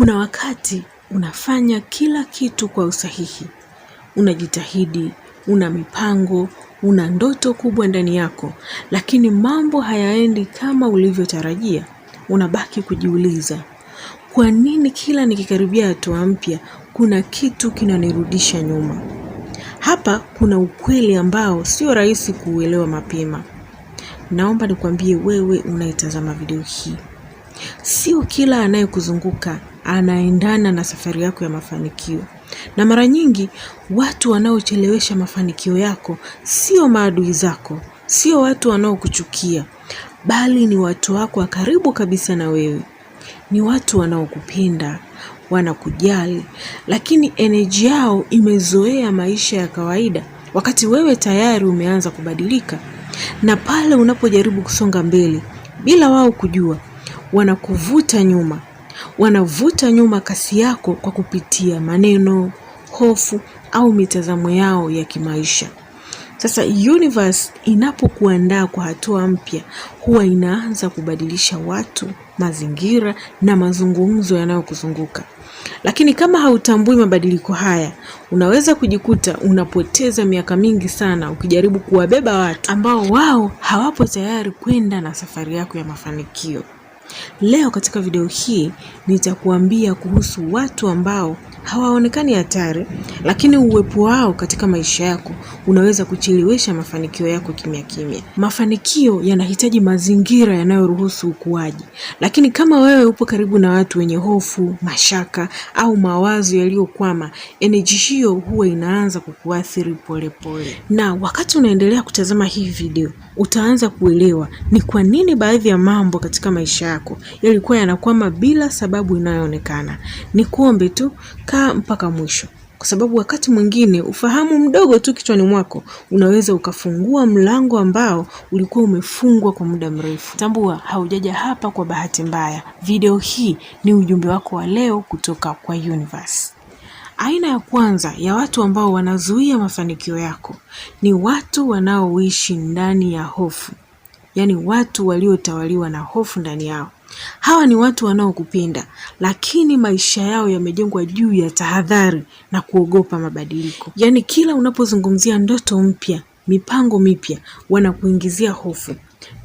Kuna wakati unafanya kila kitu kwa usahihi, unajitahidi, una mipango, una ndoto kubwa ndani yako, lakini mambo hayaendi kama ulivyotarajia. Unabaki kujiuliza, kwa nini kila nikikaribia hatua mpya kuna kitu kinanirudisha nyuma? Hapa kuna ukweli ambao sio rahisi kuuelewa mapema. Naomba nikwambie wewe unayetazama video hii, sio kila anayekuzunguka anaendana na safari yako ya mafanikio. Na mara nyingi watu wanaochelewesha mafanikio yako sio maadui zako, sio watu wanaokuchukia, bali ni watu wako wa karibu kabisa na wewe. Ni watu wanaokupenda, wanakujali, lakini eneji yao imezoea maisha ya kawaida wakati wewe tayari umeanza kubadilika. Na pale unapojaribu kusonga mbele bila wao kujua, wanakuvuta nyuma Wanavuta nyuma kasi yako kwa kupitia maneno, hofu au mitazamo yao ya kimaisha. Sasa universe inapokuandaa kwa hatua mpya, huwa inaanza kubadilisha watu, mazingira na mazungumzo yanayokuzunguka. Lakini kama hautambui mabadiliko haya, unaweza kujikuta unapoteza miaka mingi sana ukijaribu kuwabeba watu ambao wao hawapo tayari kwenda na safari yako ya mafanikio. Leo katika video hii nitakuambia kuhusu watu ambao hawaonekani hatari, lakini uwepo wao katika maisha yako unaweza kuchelewesha mafanikio yako kimya kimya. Mafanikio yanahitaji mazingira yanayoruhusu ukuaji, lakini kama wewe upo karibu na watu wenye hofu, mashaka au mawazo yaliyokwama, eneji hiyo huwa inaanza kukuathiri polepole. Na wakati unaendelea kutazama hii video, utaanza kuelewa ni kwa nini baadhi ya mambo katika maisha yako yalikuwa yanakwama bila sababu inayoonekana. ni kuombe tu kaa mpaka mwisho, kwa sababu wakati mwingine ufahamu mdogo tu kichwani mwako unaweza ukafungua mlango ambao ulikuwa umefungwa kwa muda mrefu. Tambua haujaja hapa kwa bahati mbaya. Video hii ni ujumbe wako wa leo kutoka kwa Universe. Aina ya kwanza ya watu ambao wanazuia mafanikio yako ni watu wanaoishi ndani ya hofu, yaani watu waliotawaliwa na hofu ndani yao. Hawa ni watu wanaokupenda, lakini maisha yao yamejengwa juu ya tahadhari na kuogopa mabadiliko. Yaani kila unapozungumzia ndoto mpya, mipango mipya, wanakuingizia hofu.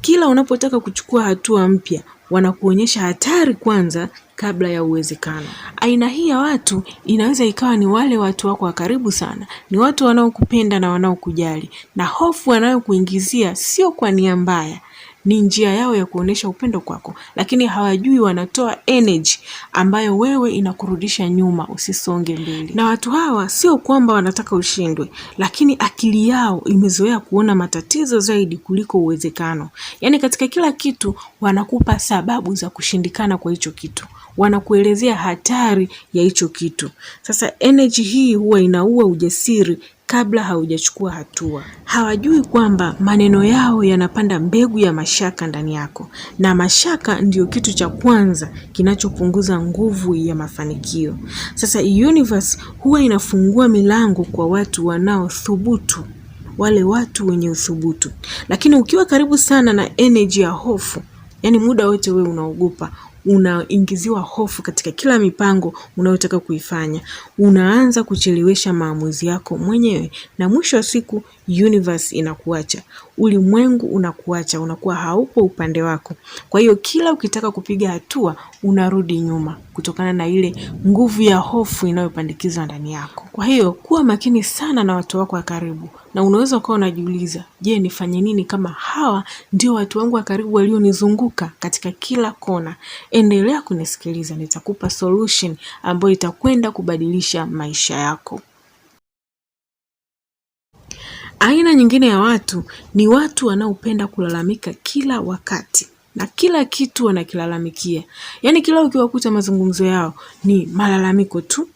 Kila unapotaka kuchukua hatua mpya, wanakuonyesha hatari kwanza kabla ya uwezekano. Aina hii ya watu inaweza ikawa ni wale watu wako wa karibu sana, ni watu wanaokupenda na wanaokujali, na hofu wanayokuingizia sio kwa nia mbaya, ni njia yao ya kuonyesha upendo kwako, lakini hawajui wanatoa energy ambayo wewe inakurudisha nyuma, usisonge mbele. Na watu hawa sio kwamba wanataka ushindwe, lakini akili yao imezoea kuona matatizo zaidi kuliko uwezekano. Yaani katika kila kitu wanakupa sababu za kushindikana kwa hicho kitu, wanakuelezea hatari ya hicho kitu. Sasa energy hii huwa inaua ujasiri kabla haujachukua hatua. Hawajui kwamba maneno yao yanapanda mbegu ya mashaka ndani yako, na mashaka ndiyo kitu cha kwanza kinachopunguza nguvu ya mafanikio. Sasa universe huwa inafungua milango kwa watu wanaothubutu wale watu wenye uthubutu. Lakini ukiwa karibu sana na energy ya hofu, yani muda wote wewe unaogopa, unaingiziwa hofu katika kila mipango unayotaka kuifanya, unaanza kuchelewesha maamuzi yako mwenyewe, na mwisho wa siku universe inakuacha ulimwengu unakuacha, unakuwa haupo upande wako. Kwa hiyo kila ukitaka kupiga hatua unarudi nyuma kutokana na ile nguvu ya hofu inayopandikizwa ndani yako. Kwa hiyo kuwa makini sana na watu wako wa karibu, na unaweza ukawa unajiuliza, je, nifanye nini kama hawa ndio watu wangu wa karibu walionizunguka katika kila kona? Endelea kunisikiliza, nitakupa solution ambayo itakwenda kubadilisha maisha yako. Aina nyingine ya watu ni watu wanaopenda kulalamika kila wakati na kila kitu wanakilalamikia, yaani kila ukiwakuta mazungumzo yao ni malalamiko tu.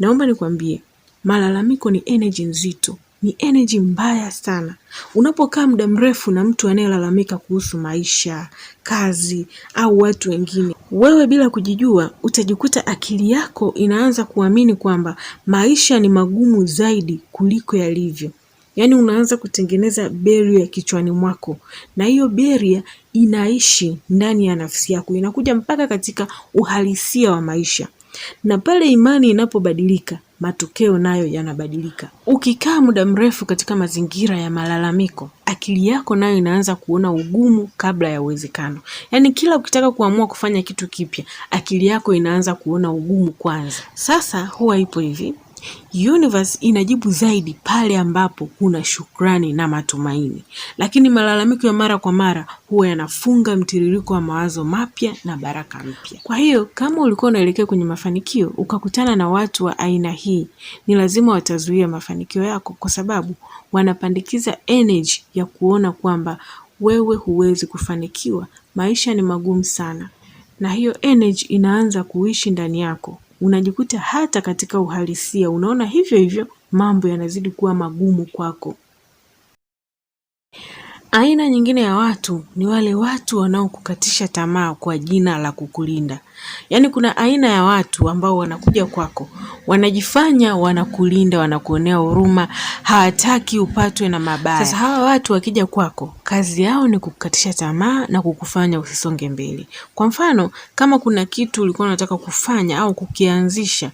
Naomba nikwambie, malalamiko ni energy nzito, ni energy mbaya sana. Unapokaa muda mrefu na mtu anayelalamika kuhusu maisha, kazi au watu wengine, wewe bila kujijua utajikuta akili yako inaanza kuamini kwamba maisha ni magumu zaidi kuliko yalivyo yaani unaanza kutengeneza beria kichwani mwako, na hiyo beria inaishi ndani ya nafsi yako, inakuja mpaka katika uhalisia wa maisha. Na pale imani inapobadilika, matokeo nayo yanabadilika. Ukikaa muda mrefu katika mazingira ya malalamiko, akili yako nayo inaanza kuona ugumu kabla ya uwezekano. Yaani kila ukitaka kuamua kufanya kitu kipya, akili yako inaanza kuona ugumu kwanza. Sasa huwa ipo hivi Universe inajibu zaidi pale ambapo kuna shukrani na matumaini, lakini malalamiko ya mara kwa mara huwa yanafunga mtiririko wa mawazo mapya na baraka mpya. Kwa hiyo kama ulikuwa unaelekea kwenye mafanikio ukakutana na watu wa aina hii, ni lazima watazuia mafanikio yako, kwa sababu wanapandikiza energy ya kuona kwamba wewe huwezi kufanikiwa, maisha ni magumu sana, na hiyo energy inaanza kuishi ndani yako unajikuta hata katika uhalisia unaona hivyo hivyo mambo yanazidi kuwa magumu kwako. Aina nyingine ya watu ni wale watu wanaokukatisha tamaa kwa jina la kukulinda. Yaani kuna aina ya watu ambao wanakuja kwako, wanajifanya wanakulinda, wanakuonea huruma, hawataki upatwe na mabaya. Sasa hawa watu wakija kwako, kazi yao ni kukukatisha tamaa na kukufanya usisonge mbele. Kwa mfano, kama kuna kitu ulikuwa unataka kufanya au kukianzisha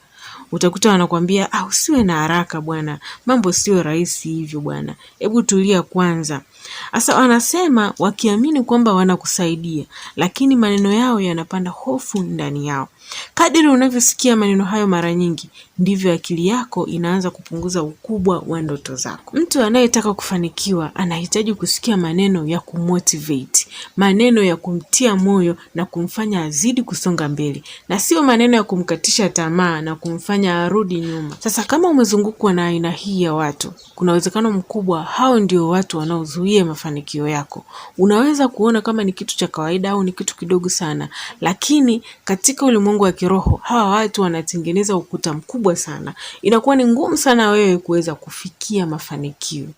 utakuta wanakwambia ah, usiwe na haraka bwana, mambo sio rahisi hivyo bwana, hebu tulia kwanza. Sasa wanasema wakiamini kwamba wanakusaidia, lakini maneno yao yanapanda hofu ndani yao. Kadiri unavyosikia maneno hayo mara nyingi, ndivyo akili yako inaanza kupunguza ukubwa wa ndoto zako. Mtu anayetaka kufanikiwa anahitaji kusikia maneno ya kumotivate, maneno ya kumtia moyo na kumfanya azidi kusonga mbele, na sio maneno ya kumkatisha tamaa na kumfanya arudi nyuma. Sasa kama umezungukwa na aina hii ya watu, kuna uwezekano mkubwa hao ndio watu wanaozuia mafanikio yako. Unaweza kuona kama ni kitu cha kawaida au ni kitu kidogo sana, lakini katika ulimwengu wa kiroho hawa watu wanatengeneza ukuta mkubwa kubwa sana, inakuwa ni ngumu sana wewe kuweza kufikia mafanikio.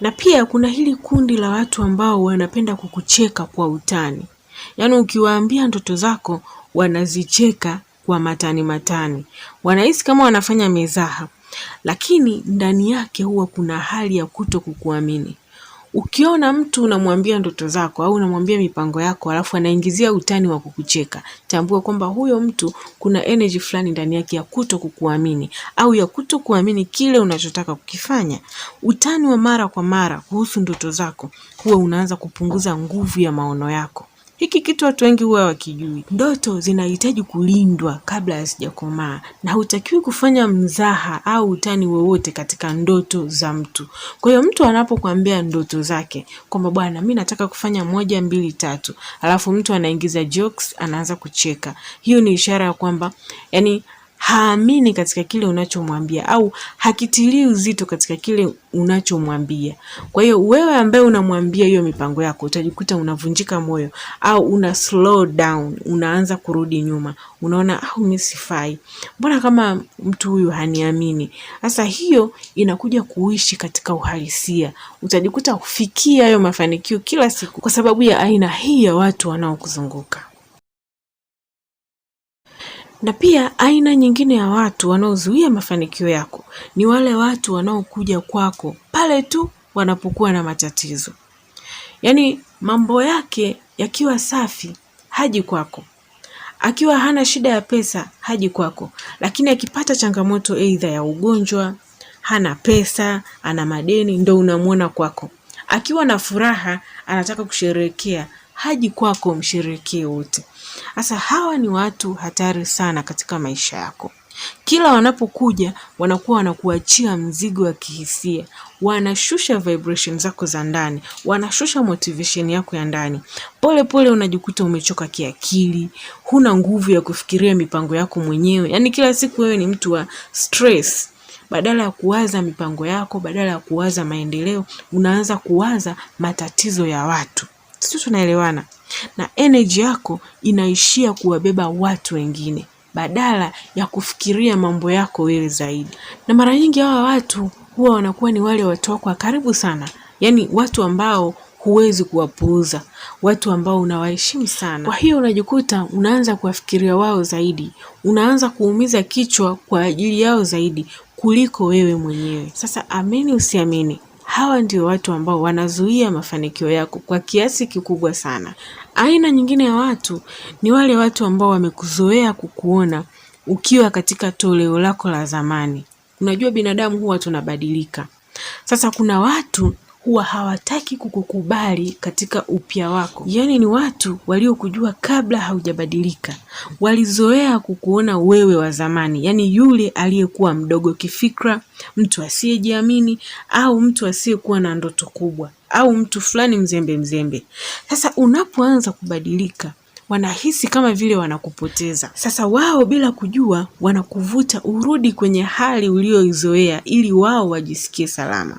Na pia kuna hili kundi la watu ambao wanapenda kukucheka kwa utani, yaani ukiwaambia ndoto zako wanazicheka kwa matani matani, wanahisi kama wanafanya mezaha, lakini ndani yake huwa kuna hali ya kuto kukuamini. Ukiona mtu unamwambia ndoto zako au unamwambia mipango yako alafu anaingizia utani wa kukucheka, tambua kwamba huyo mtu kuna energy fulani ndani yake ya kuto kukuamini au ya kuto kuamini kile unachotaka kukifanya. Utani wa mara kwa mara kuhusu ndoto zako huwa unaanza kupunguza nguvu ya maono yako. Hiki kitu watu wengi huwa wakijui. Ndoto zinahitaji kulindwa kabla hazijakomaa, na hutakiwi kufanya mzaha au utani wowote katika ndoto za mtu. Kwa hiyo mtu anapokuambia ndoto zake kwamba bwana, mi nataka kufanya moja mbili tatu, alafu mtu anaingiza jokes, anaanza kucheka, hiyo ni ishara ya kwamba yani haamini katika kile unachomwambia au hakitilii uzito katika kile unachomwambia. Kwa hiyo wewe ambaye unamwambia hiyo mipango yako utajikuta unavunjika moyo au una slow down, unaanza kurudi nyuma, unaona au ah, mimi sifai, mbona kama mtu huyu haniamini. Sasa hiyo inakuja kuishi katika uhalisia, utajikuta ufikia hayo mafanikio kila siku kwa sababu ya aina hii ya watu wanaokuzunguka. Na pia aina nyingine ya watu wanaozuia mafanikio yako ni wale watu wanaokuja kwako pale tu wanapokuwa na matatizo, yaani mambo yake yakiwa safi haji kwako, akiwa hana shida ya pesa haji kwako, lakini akipata changamoto aidha ya ugonjwa, hana pesa, ana madeni, ndo unamwona kwako. Akiwa na furaha, anataka kusherehekea, haji kwako msherekee wote. Sasa hawa ni watu hatari sana katika maisha yako. Kila wanapokuja wanakuwa wanakuachia mzigo wa kihisia, wanashusha vibration zako za ndani, wanashusha motivation yako ya ndani. Pole pole unajikuta umechoka kiakili, huna nguvu ya kufikiria mipango yako mwenyewe. Yaani kila siku wewe ni mtu wa stress. Badala ya kuwaza mipango yako, badala ya kuwaza maendeleo, unaanza kuwaza matatizo ya watu sio, tunaelewana? Na energy yako inaishia kuwabeba watu wengine badala ya kufikiria mambo yako wewe zaidi. Na mara nyingi hawa watu huwa wanakuwa ni wale watu wako wa karibu sana, yaani watu ambao huwezi kuwapuuza, watu ambao unawaheshimu sana. Kwa hiyo unajikuta unaanza kuwafikiria wao zaidi, unaanza kuumiza kichwa kwa ajili yao zaidi kuliko wewe mwenyewe. Sasa amini usiamini, Hawa ndio watu ambao wanazuia mafanikio yako kwa kiasi kikubwa sana. Aina nyingine ya watu ni wale watu ambao wamekuzoea kukuona ukiwa katika toleo lako la zamani. Unajua binadamu huwa tunabadilika. Sasa kuna watu huwa hawataki kukukubali katika upya wako. Yaani ni watu waliokujua kabla haujabadilika, walizoea kukuona wewe wa zamani, yaani yule aliyekuwa mdogo kifikra, mtu asiyejiamini, au mtu asiyekuwa na ndoto kubwa, au mtu fulani mzembe mzembe. Sasa unapoanza kubadilika wanahisi kama vile wanakupoteza. Sasa wao bila kujua, wanakuvuta urudi kwenye hali uliyoizoea ili wao wajisikie salama.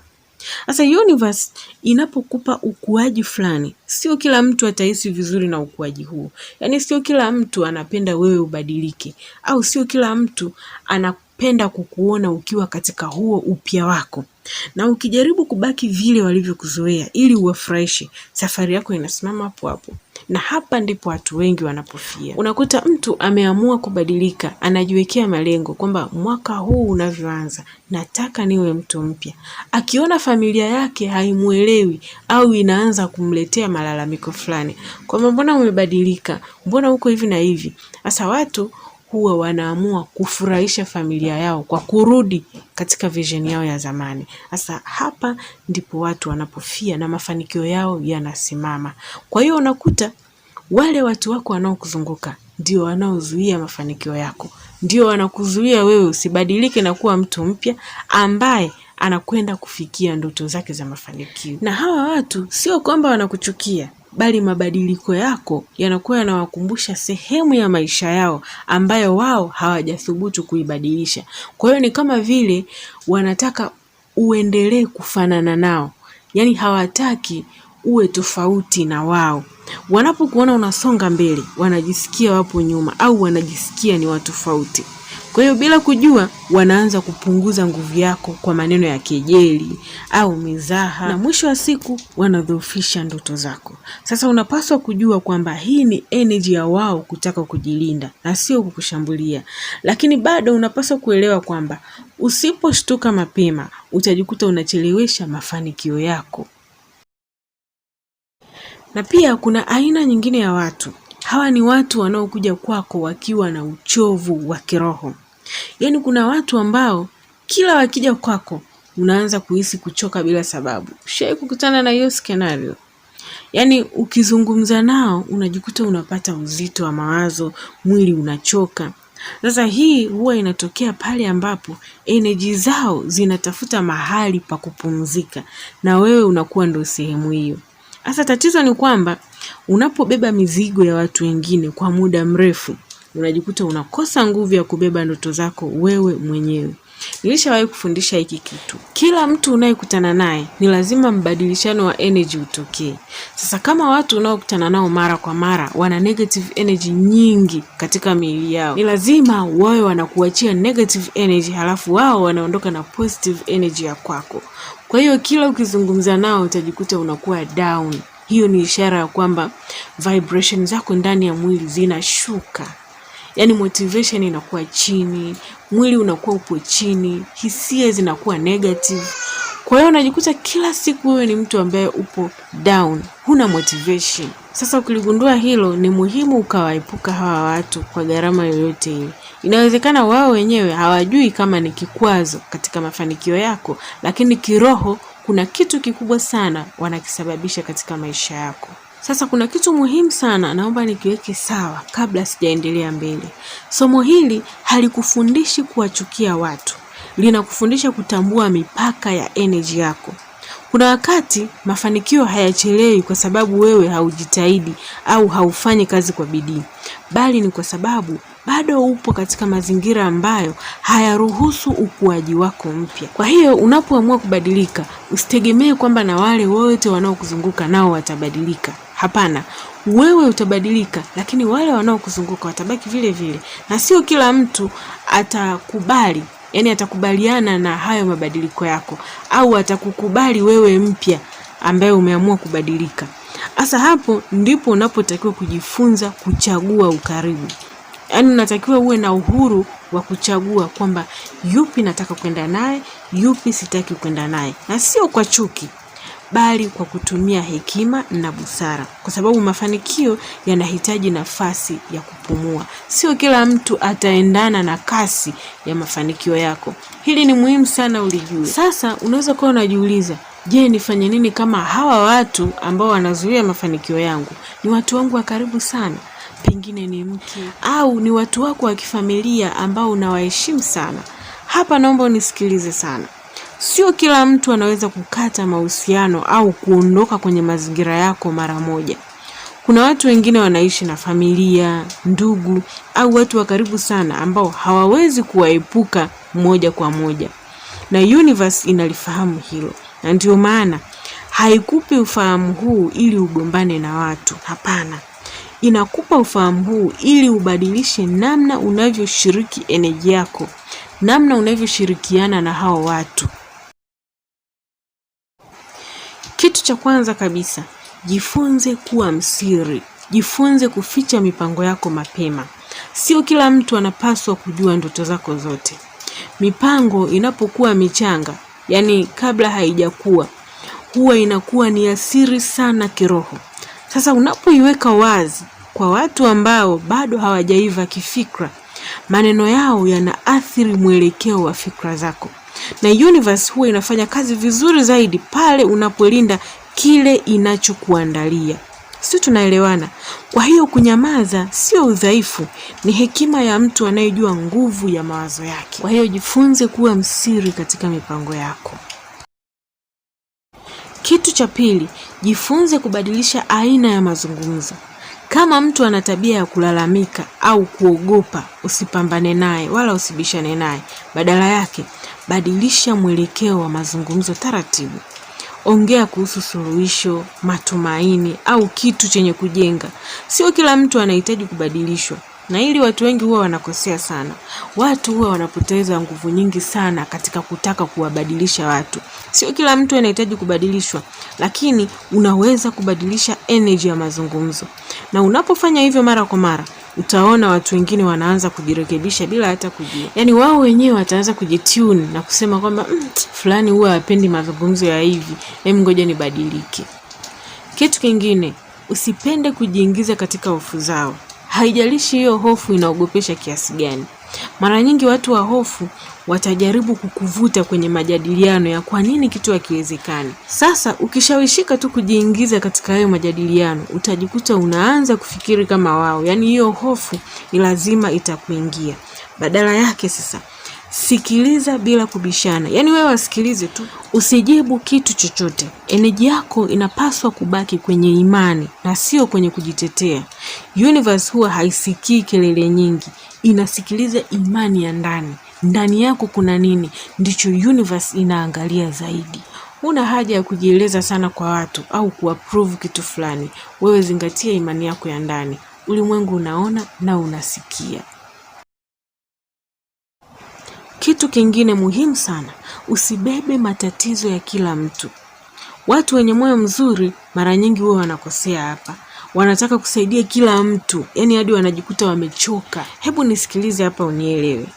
Sasa universe inapokupa ukuaji fulani, sio kila mtu atahisi vizuri na ukuaji huo, yaani sio kila mtu anapenda wewe ubadilike, au sio kila mtu anapenda kukuona ukiwa katika huo upya wako. Na ukijaribu kubaki vile walivyokuzoea ili uwafurahishe, safari yako inasimama hapo hapo na hapa ndipo watu wengi wanapofia. Unakuta mtu ameamua kubadilika, anajiwekea malengo kwamba mwaka huu unavyoanza, nataka niwe mtu mpya. Akiona familia yake haimuelewi au inaanza kumletea malalamiko fulani kwamba mbona umebadilika, mbona uko hivi na hivi. hasa watu huwa wanaamua kufurahisha familia yao kwa kurudi katika vision yao ya zamani. Sasa hapa ndipo watu wanapofia na mafanikio yao yanasimama. Kwa hiyo unakuta wale watu wako wanaokuzunguka ndio wanaozuia mafanikio yako, ndio wanakuzuia wewe usibadilike na kuwa mtu mpya ambaye anakwenda kufikia ndoto zake za mafanikio. Na hawa watu sio kwamba wanakuchukia, bali mabadiliko yako yanakuwa yanawakumbusha sehemu ya maisha yao ambayo wao hawajathubutu kuibadilisha. Kwa hiyo ni kama vile wanataka uendelee kufanana nao, yaani hawataki uwe tofauti na wao. Wanapokuona unasonga mbele, wanajisikia wapo nyuma au wanajisikia ni watofauti. Kwa hiyo bila kujua, wanaanza kupunguza nguvu yako kwa maneno ya kejeli au mizaha, na mwisho wa siku wanadhoofisha ndoto zako. Sasa unapaswa kujua kwamba hii ni energy ya wao kutaka kujilinda na sio kukushambulia, lakini bado unapaswa kuelewa kwamba usiposhtuka mapema utajikuta unachelewesha mafanikio yako. Na pia kuna aina nyingine ya watu. Hawa ni watu wanaokuja kwako wakiwa na uchovu wa kiroho. Yaani kuna watu ambao kila wakija kwako unaanza kuhisi kuchoka bila sababu. Ushawahi kukutana na hiyo scenario? Yaani ukizungumza nao unajikuta unapata uzito wa mawazo, mwili unachoka. Sasa hii huwa inatokea pale ambapo energy zao zinatafuta mahali pa kupumzika na wewe unakuwa ndio sehemu hiyo. Sasa tatizo ni kwamba unapobeba mizigo ya watu wengine kwa muda mrefu unajikuta unakosa nguvu ya kubeba ndoto zako wewe mwenyewe. Nilishawahi kufundisha hiki kitu, kila mtu unayekutana naye ni lazima mbadilishano wa energy utokee. Sasa kama watu unaokutana nao mara kwa mara wana negative energy nyingi katika miili yao, ni lazima wawe wanakuachia negative energy, halafu wao wanaondoka na positive energy ya kwako. Kwa hiyo kila ukizungumza nao utajikuta unakuwa down. Hiyo ni ishara ya kwamba vibration zako ndani ya mwili zinashuka yani motivation inakuwa chini, mwili unakuwa upo chini, hisia zinakuwa negative. Kwa hiyo unajikuta kila siku wewe ni mtu ambaye upo down, huna motivation. Sasa ukiligundua hilo, ni muhimu ukawaepuka hawa watu kwa gharama yoyote ile. Inawezekana wao wenyewe hawajui kama ni kikwazo katika mafanikio yako, lakini kiroho kuna kitu kikubwa sana wanakisababisha katika maisha yako. Sasa kuna kitu muhimu sana naomba nikiweke sawa kabla sijaendelea mbele. Somo hili halikufundishi kuwachukia watu, linakufundisha kutambua mipaka ya energy yako. Kuna wakati mafanikio hayachelewi kwa sababu wewe haujitahidi au haufanyi kazi kwa bidii, bali ni kwa sababu bado upo katika mazingira ambayo hayaruhusu ukuaji wako mpya. Kwa hiyo unapoamua kubadilika, usitegemee kwamba na wale wote wanaokuzunguka nao watabadilika. Hapana, wewe utabadilika, lakini wale wanaokuzunguka watabaki vile vile, na sio kila mtu atakubali yani atakubaliana na hayo mabadiliko yako au atakukubali wewe mpya ambaye umeamua kubadilika. Sasa hapo ndipo unapotakiwa kujifunza kuchagua ukaribu, yani unatakiwa uwe na uhuru wa kuchagua kwamba yupi nataka kwenda naye, yupi sitaki kwenda naye, na sio kwa chuki bali kwa kutumia hekima na busara, kwa sababu mafanikio yanahitaji nafasi ya kupumua. Sio kila mtu ataendana na kasi ya mafanikio yako. Hili ni muhimu sana ulijue. Sasa unaweza kuwa unajiuliza, je, nifanye nini kama hawa watu ambao wanazuia mafanikio yangu ni watu wangu wa karibu sana? Pengine ni mke au ni watu wako wa kifamilia ambao unawaheshimu sana. Hapa naomba unisikilize sana. Sio kila mtu anaweza kukata mahusiano au kuondoka kwenye mazingira yako mara moja. Kuna watu wengine wanaishi na familia, ndugu au watu wa karibu sana ambao hawawezi kuwaepuka moja kwa moja, na universe inalifahamu hilo, na ndio maana haikupi ufahamu huu ili ugombane na watu. Hapana, inakupa ufahamu huu ili ubadilishe namna unavyoshiriki energy yako, namna unavyoshirikiana na hao watu. Kitu cha kwanza kabisa, jifunze kuwa msiri, jifunze kuficha mipango yako mapema. Sio kila mtu anapaswa kujua ndoto zako zote. Mipango inapokuwa michanga, yani kabla haijakuwa, huwa inakuwa ni asiri sana kiroho. Sasa unapoiweka wazi kwa watu ambao bado hawajaiva kifikra, maneno yao yanaathiri mwelekeo wa fikra zako na universe huwa inafanya kazi vizuri zaidi pale unapolinda kile inachokuandalia. Sio tunaelewana? Kwa hiyo kunyamaza sio udhaifu, ni hekima ya mtu anayejua nguvu ya mawazo yake. Kwa hiyo jifunze kuwa msiri katika mipango yako. Kitu cha pili, jifunze kubadilisha aina ya mazungumzo. Kama mtu ana tabia ya kulalamika au kuogopa, usipambane naye wala usibishane naye. Badala yake, badilisha mwelekeo wa mazungumzo taratibu. Ongea kuhusu suluhisho, matumaini au kitu chenye kujenga. Sio kila mtu anahitaji kubadilishwa, na ili watu wengi huwa wanakosea sana. Watu huwa wanapoteza nguvu nyingi sana katika kutaka kuwabadilisha watu. Sio kila mtu anahitaji kubadilishwa, lakini unaweza kubadilisha energy ya mazungumzo, na unapofanya hivyo mara kwa mara utaona watu wengine wanaanza kujirekebisha bila hata kujua, yaani wao wenyewe wataanza kujitune na kusema kwamba mm, fulani huwa hapendi mazungumzo ya hivi, hem, ngoja nibadilike. Kitu kingine, usipende kujiingiza katika hofu zao. Haijalishi hiyo hofu inaogopesha kiasi gani, mara nyingi watu wa hofu watajaribu kukuvuta kwenye majadiliano ya kwa nini kitu hakiwezekani. Sasa ukishawishika tu kujiingiza katika hayo majadiliano, utajikuta unaanza kufikiri kama wao, yaani hiyo hofu ni lazima itakuingia. Badala yake sasa sikiliza bila kubishana, yaani wewe wasikilize tu, usijibu kitu chochote. Eneji yako inapaswa kubaki kwenye imani na sio kwenye kujitetea. Universe huwa haisikii kelele nyingi, inasikiliza imani ya ndani. Ndani yako kuna nini, ndicho universe inaangalia zaidi. Huna haja ya kujieleza sana kwa watu au kuaprove kitu fulani. Wewe zingatia imani yako ya ndani. Ulimwengu unaona na unasikia. Kitu kingine muhimu sana, usibebe matatizo ya kila mtu. Watu wenye moyo mzuri mara nyingi huwa wanakosea hapa, wanataka kusaidia kila mtu, yaani hadi wanajikuta wamechoka. Hebu nisikilize hapa unielewe.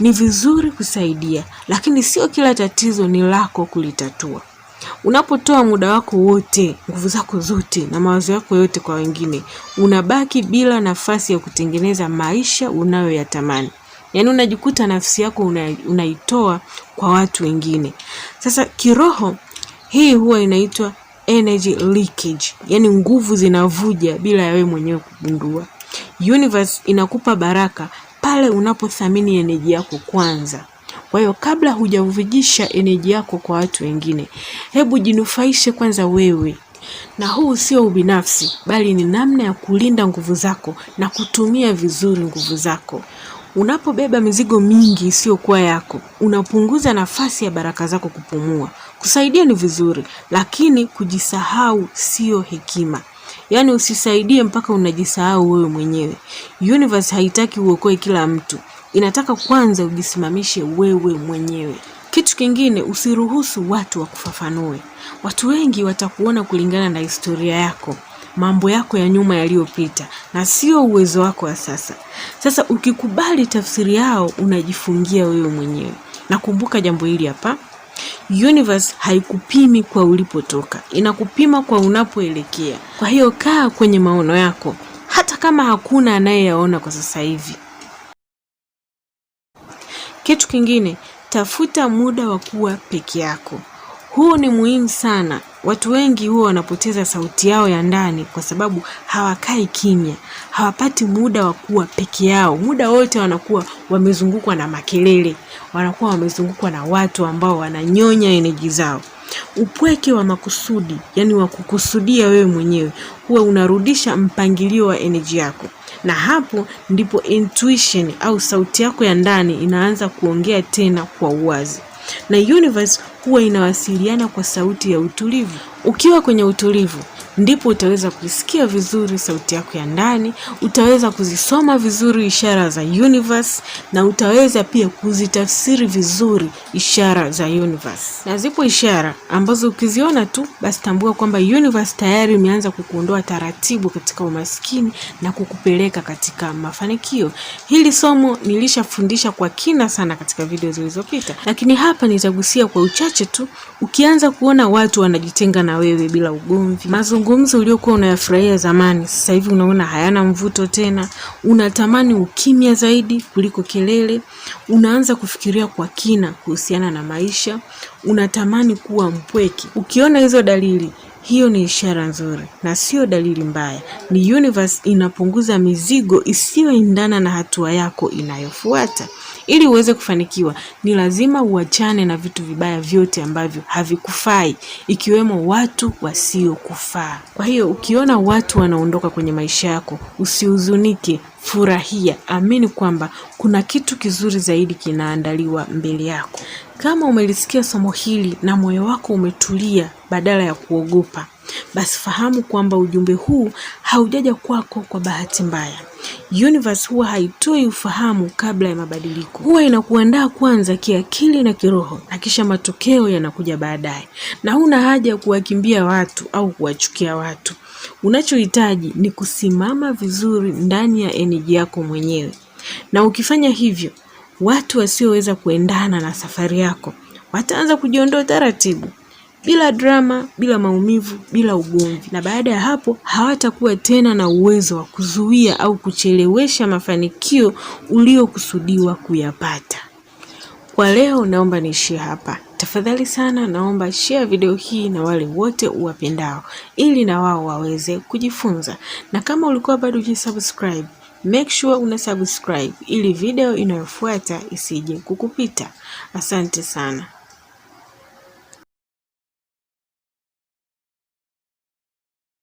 Ni vizuri kusaidia, lakini sio kila tatizo ni lako kulitatua. Unapotoa muda wako wote, nguvu zako zote na mawazo yako yote kwa wengine, unabaki bila nafasi ya kutengeneza maisha unayoyatamani yaani unajikuta nafsi yako una, unaitoa kwa watu wengine. Sasa kiroho hii huwa inaitwa energy leakage, yaani nguvu zinavuja bila ya wewe mwenyewe kugundua. Universe inakupa baraka pale unapothamini energy yako kwanza. Kwa hiyo kabla hujavujisha energy yako kwa watu wengine, hebu jinufaishe kwanza wewe na huu sio ubinafsi, bali ni namna ya kulinda nguvu zako na kutumia vizuri nguvu zako. Unapobeba mizigo mingi isiyokuwa yako, unapunguza nafasi ya baraka zako kupumua. Kusaidia ni vizuri, lakini kujisahau siyo hekima. Yaani usisaidie mpaka unajisahau wewe mwenyewe. Universe haitaki uokoe kila mtu, inataka kwanza ujisimamishe wewe mwenyewe. Kitu kingine, usiruhusu watu wakufafanue. Watu wengi watakuona kulingana na historia yako mambo yako ya nyuma yaliyopita na sio uwezo wako wa sasa. Sasa ukikubali tafsiri yao, unajifungia wewe mwenyewe. nakumbuka jambo hili hapa, universe haikupimi kwa ulipotoka, inakupima kwa unapoelekea. Kwa hiyo kaa kwenye maono yako, hata kama hakuna anayeyaona kwa sasa hivi. Kitu kingine, tafuta muda wa kuwa peke yako. Huu ni muhimu sana. Watu wengi huwa wanapoteza sauti yao ya ndani kwa sababu hawakai kimya, hawapati muda wa kuwa peke yao. Muda wote wanakuwa wamezungukwa na makelele, wanakuwa wamezungukwa na watu ambao wananyonya eneji zao. Upweke wa makusudi, yani wa kukusudia wewe mwenyewe, huwa unarudisha mpangilio wa eneji yako, na hapo ndipo intuition au sauti yako ya ndani inaanza kuongea tena kwa uwazi na universe huwa inawasiliana kwa sauti ya utulivu. Ukiwa kwenye utulivu ndipo utaweza kuisikia vizuri sauti yako ya ndani, utaweza kuzisoma vizuri ishara za universe, na utaweza pia kuzitafsiri vizuri ishara za universe. Na zipo ishara ambazo ukiziona tu basi tambua kwamba universe tayari imeanza kukuondoa taratibu katika umaskini na kukupeleka katika mafanikio. Hili somo nilishafundisha kwa kina sana katika video zilizopita, lakini hapa nitagusia kwa uchache tu. Ukianza kuona watu wanajitenga na na wewe bila ugomvi. Mazungumzo uliokuwa unayafurahia zamani sasa hivi unaona hayana mvuto tena, unatamani ukimya zaidi kuliko kelele, unaanza kufikiria kwa kina kuhusiana na maisha, unatamani kuwa mpweke. Ukiona hizo dalili hiyo ni ishara nzuri na sio dalili mbaya. Ni universe inapunguza mizigo isiyoendana na hatua yako inayofuata. Ili uweze kufanikiwa, ni lazima uachane na vitu vibaya vyote ambavyo havikufai, ikiwemo watu wasiokufaa. Kwa hiyo ukiona watu wanaondoka kwenye maisha yako, usihuzunike, furahia, amini kwamba kuna kitu kizuri zaidi kinaandaliwa mbele yako. Kama umelisikia somo hili na moyo wako umetulia badala ya kuogopa basi fahamu kwamba ujumbe huu haujaja kwako kwa bahati mbaya. Universe huwa haitoi ufahamu kabla ya mabadiliko, huwa inakuandaa kwanza kiakili na kiroho, na kisha matokeo yanakuja baadaye, na huna haja ya kuwakimbia watu au kuwachukia watu. Unachohitaji ni kusimama vizuri ndani ya energy yako mwenyewe, na ukifanya hivyo, watu wasioweza kuendana na safari yako wataanza kujiondoa taratibu bila drama, bila maumivu, bila ugomvi, na baada ya hapo hawatakuwa tena na uwezo wa kuzuia au kuchelewesha mafanikio uliokusudiwa kuyapata. Kwa leo naomba niishie hapa. Tafadhali sana naomba share video hii na wale wote uwapendao ili na wao waweze kujifunza. Na kama ulikuwa bado hujisubscribe, make sure una subscribe ili video inayofuata isije kukupita. Asante sana.